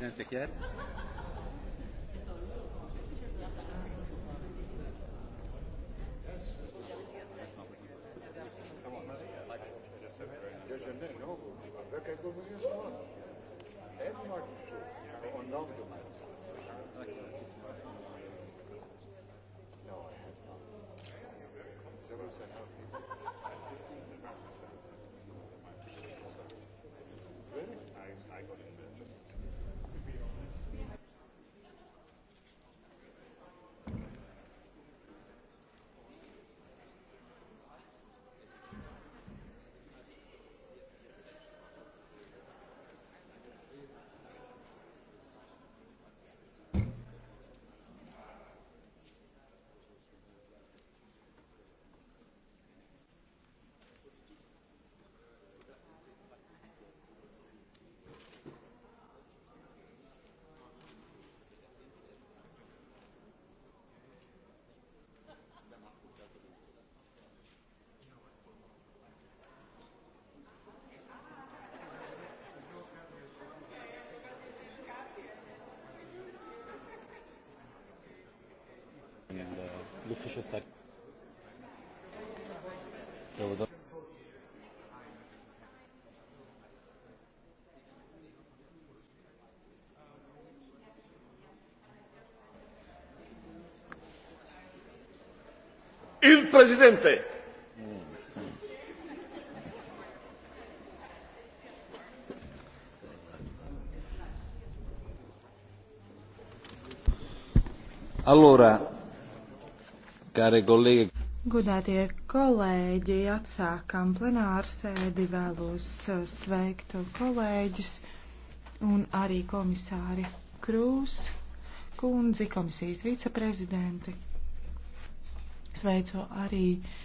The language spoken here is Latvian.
Tejer. Welke communist man? En Martin Schulz. Ondanks de mensen. No, I have not. Several said no. Liste should start. There we go. Il presidente. Allora, Kāre kolēģi. Gudētie kolēģi, atsākam plenāru sēdi, vēlos uh, sveikt kolēģus un arī komisāri Krūs kundzi, komisijas viceprezidenti. Sveicu arī